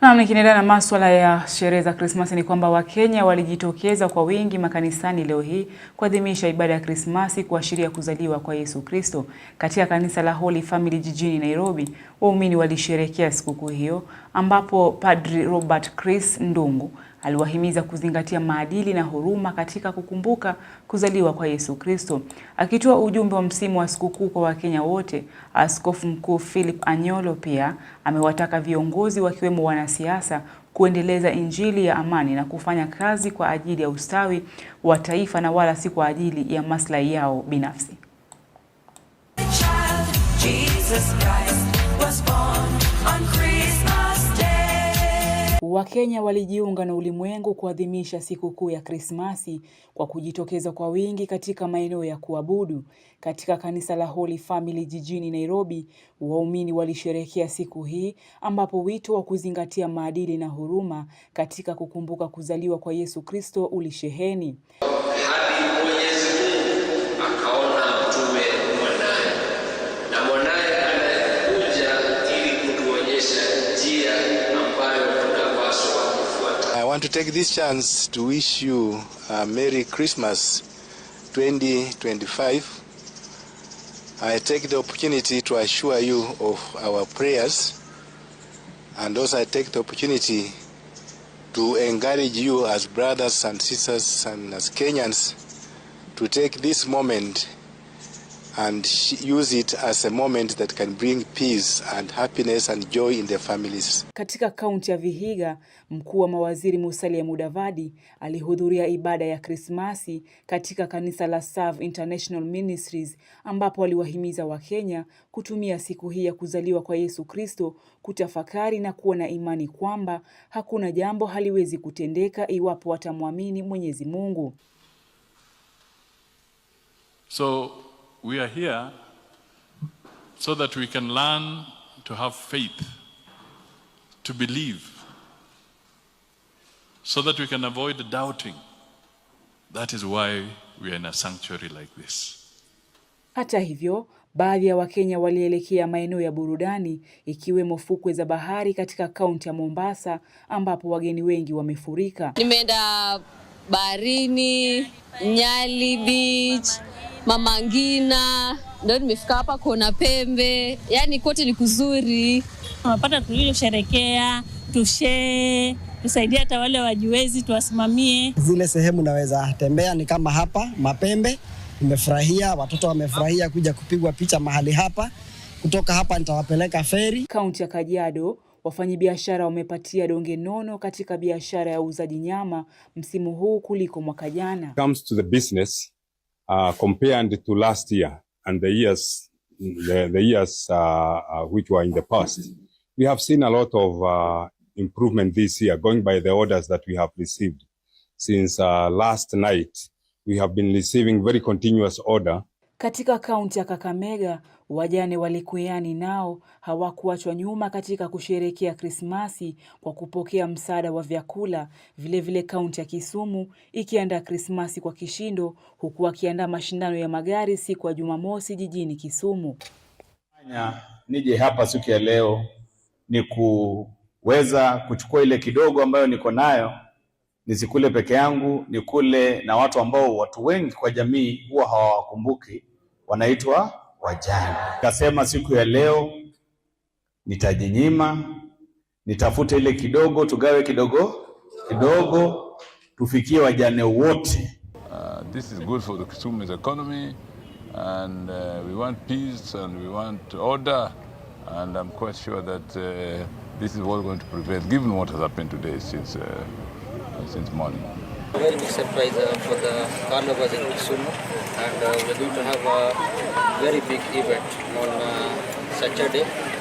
Na nikiendelea na masuala ya sherehe za Krismasi ni kwamba Wakenya walijitokeza kwa wingi makanisani leo hii kuadhimisha ibada ya Krismasi kuashiria kuzaliwa kwa Yesu Kristo. Katika kanisa la Holy Family jijini Nairobi, waumini walisherehekea sikukuu hiyo ambapo Padri Robert Chris Ndungu aliwahimiza kuzingatia maadili na huruma katika kukumbuka kuzaliwa kwa Yesu Kristo. Akitoa ujumbe wa msimu wa sikukuu kwa Wakenya wote, Askofu Mkuu Philip Anyolo pia amewataka viongozi wakiwemo wanasiasa kuendeleza Injili ya amani na kufanya kazi kwa ajili ya ustawi wa taifa na wala si kwa ajili ya maslahi yao binafsi. Child, Jesus Christ was born on Christmas. Wakenya walijiunga na ulimwengu kuadhimisha sikukuu ya Krismasi kwa kujitokeza kwa wingi katika maeneo ya kuabudu. Katika kanisa la Holy Family jijini Nairobi, waumini walisherehekea siku hii ambapo wito wa kuzingatia maadili na huruma katika kukumbuka kuzaliwa kwa Yesu Kristo ulisheheni. want to take this chance to wish you a Merry Christmas 2025. I take the opportunity to assure you of our prayers and also I take the opportunity to encourage you as brothers and sisters and as Kenyans to take this moment and use it as a moment that can bring peace and happiness and joy in their families. Katika kaunti ya Vihiga, mkuu wa mawaziri Musalia Mudavadi alihudhuria ibada ya Krismasi katika kanisa la Serve International Ministries ambapo aliwahimiza Wakenya kutumia siku hii ya kuzaliwa kwa Yesu Kristo kutafakari na kuwa na imani kwamba hakuna jambo haliwezi kutendeka iwapo watamwamini Mwenyezi Mungu. So we are here so that we can learn to have faith, to believe, so that we can avoid doubting. That is why we are in a sanctuary like this. Hata hivyo, baadhi ya Wakenya walielekea maeneo ya burudani ikiwemo fukwe za bahari katika kaunti ya Mombasa ambapo wageni wengi wamefurika. Nimeenda baharini, Nyali Beach Mama Ngina, nimefika hapa kuona pembe, yani kote ni kuzuri. Tunapata tulivyosherekea, tushee tusaidie hata wale wajiwezi, tuwasimamie. Zile sehemu naweza tembea ni kama hapa Mapembe, nimefurahia, watoto wamefurahia kuja kupigwa picha mahali hapa. Kutoka hapa nitawapeleka feri. Kaunti ya Kajiado, wafanyabiashara wamepatia donge nono katika biashara ya uuzaji nyama msimu huu kuliko mwaka jana. comes to the business uh, compared to last year and the years, the, the years uh, uh, which were in the past, we have seen a lot of uh, improvement this year, going by the orders that we have received. Since uh, last night, we have been receiving very continuous order Katika kaunti ya Kakamega, wajane walikuiani nao hawakuachwa nyuma katika kusherehekea Krismasi kwa kupokea msaada wa vyakula. Vilevile kaunti ya Kisumu ikiandaa Krismasi kwa kishindo, huku wakiandaa mashindano ya magari siku ya Jumamosi jijini Kisumu. Anya, nije hapa siku ya leo ni kuweza kuchukua ile kidogo ambayo niko nayo nisikule peke yangu, nikule na watu ambao watu wengi kwa jamii huwa hawawakumbuki, wanaitwa wajane. Kasema siku ya leo nitajinyima, nitafute ile kidogo, tugawe kidogo kidogo, tufikie wajane wote. Uh, this is good for the Kisumu's economy and uh, we want peace and we want order and I'm quite sure that uh, this is what's going to prevail given what has happened today since uh, since morning. Very big surprise uh, for the carnival in Kisumu and uh, we're going to have a very big event on uh, Saturday